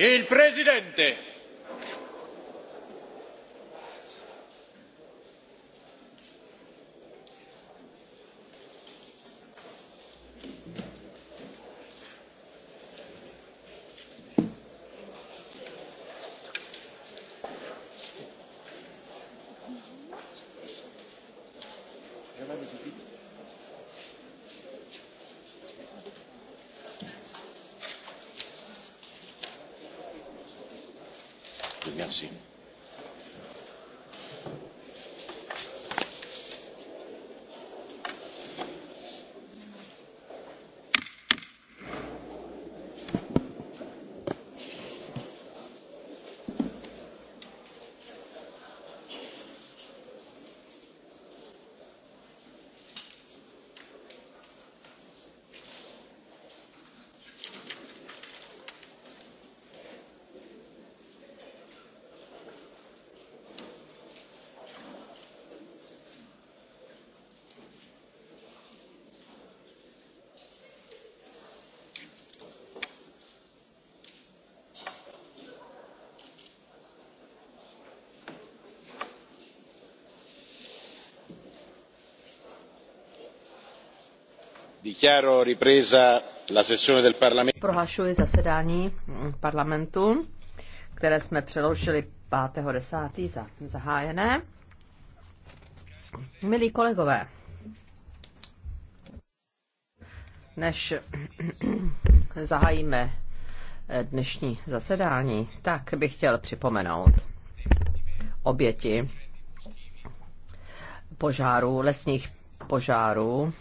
Il presidente. Merci. Prohlašuji zasedání parlamentu, které jsme přerušili 5.10. za zahájené. Milí kolegové, než zahájíme dnešní zasedání, tak bych chtěl připomenout oběti požáru, lesních požárů